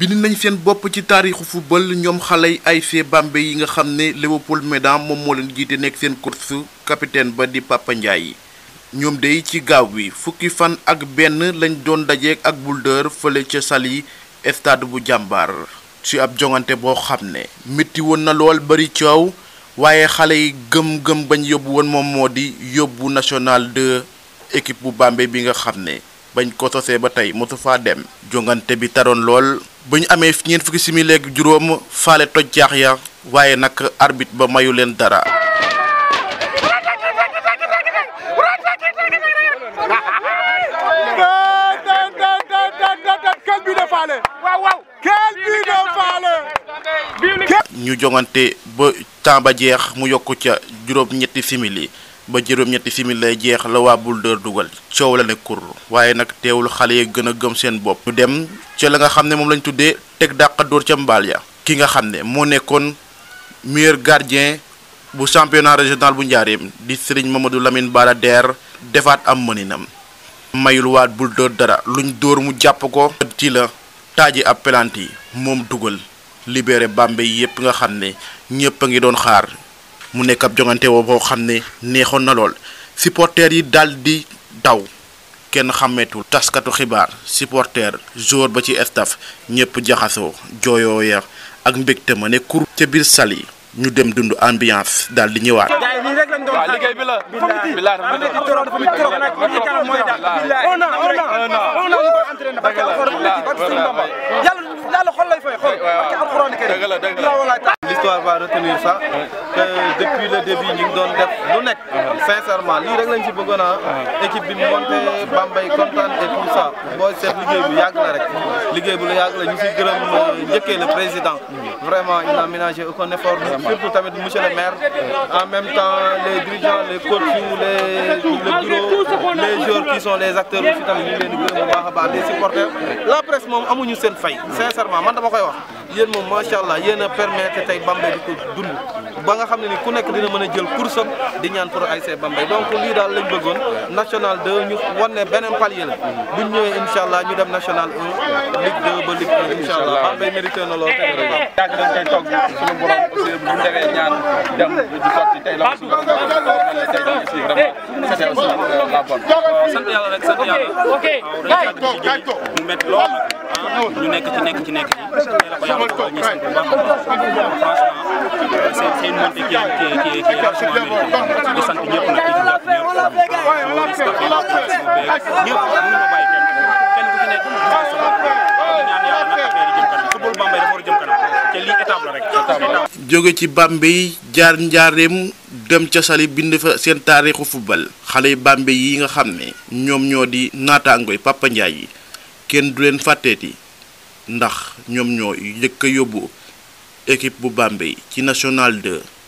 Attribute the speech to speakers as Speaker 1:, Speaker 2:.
Speaker 1: bind nañ seen bopp ci taarixu football ñoom xale yi AFC Bambey yi nga xam ne Léopold Médar moom moo leen jiite nekk seen course capitaine ba di Papa yi ñoom day ci gaaw bi fukki fan ak benn lañ doon dajeek ak Boulder fële ca Saly stade bu jàmbaar ci ab jongante boo xam ne métti woon na lool bari coow waaye xale yi gëm-gëm bañ yóbbu woon moom moo di yóbbu national de équipe bu Bambey bi nga xam ne bañ ko sosee ba tey mosu faa dem jongante bi taroon lool ba ñu amee ñeent fukki simili juróom faale toj jaax ya waaye nag arbitre ba mayu leen dara ñu jongante ba temps jeex mu yokk ca juróom ñetti simili ba juróom-ñetti simil lay jeex la waa Boulder dugal coow la ne kurlu waaye nag teewul xale yi gën a gëm seen bopp ñu dem ca la nga xam ne moom lañ tuddee teg dàqa dóor ca mbaal ya ki nga xam ne moo nekkoon meilleur gardien bu championnat régional bu njaareem di Serigne Mamadou Lamine Bala Der defaat am mëninam mayul waa Boulder dara luñ dóor mu jàpp ko ti la taaji ab yi moom dugal libéré Bambey yépp nga xam ne ñépp a ngi doon xaar mu nekk ab jongante woo boo xam ne neexoon na lool supporters yi daal di daw kenn xàmmeetul taskatu xibaar supporter jour ba ci staff ñépp jaxasoo jooyoo yeex ak mbëgte ma ne kur ca biir yi ñu dem dund ambiance dal di ñëwaat.
Speaker 2: pas retenir ça. que depuis le début ñu ngi doon def lu nekk. sincèrement lii rek lañ ci bëggoon a. équipe bi monté Bambey kontaan et tout ça boo seet liggéey bu la rek. liggéey bu la yàgg la ñu ci gërëm euh, njëkkee le président. vraiment il a ménagé aucun effort. surtout tamit monsieur le en même temps les dirigeants les coachs le bureau les joueurs qui sont les acteurs aussi tamit ñu a baax les supporters. la presse moom amuñu seen fay. sincèrement man dama koy wax yéen moom macha allah yéen a permettre tey Bambey daañ dund ba nga xam ne ni ku nekk dina mën a jël kursam di ñaan pour ASC Bambey donc lii daal lañ bëggoon national 2 ñu wan ne beneen palier la buñ ñëwee incha allah ñu dem national 1 ligue 2 ba ligue 1 incha allah Bambey mérité la bonne. sant yàlla rek sant yàlla. ok mu métti lool ñu nekk ci nekk ci nekk ci teel a ko yàlla defal ñu sant bu baax a baax franchement c'est une montée qui qui qui est largement méritée di sant ñëpp nag di ci jàpp ñëpp staff yi ak direction beeg ñëpp mënu ma bàyyi kenn kenn ku ci nekk ñu ñaan yàlla nag affaire yi jëm kanam football Bambey dafa war
Speaker 1: jóge ci Bambey jaar njaareem dem ca Saly bind seen taarixu football xale yi yi nga xam ne ñoom ñoo di naataangoy Papa Ndiaye yi kenn du leen fàtteeti ndax ñoom ñoo jëkk a yóbbu équipe bu Bambey ci national 2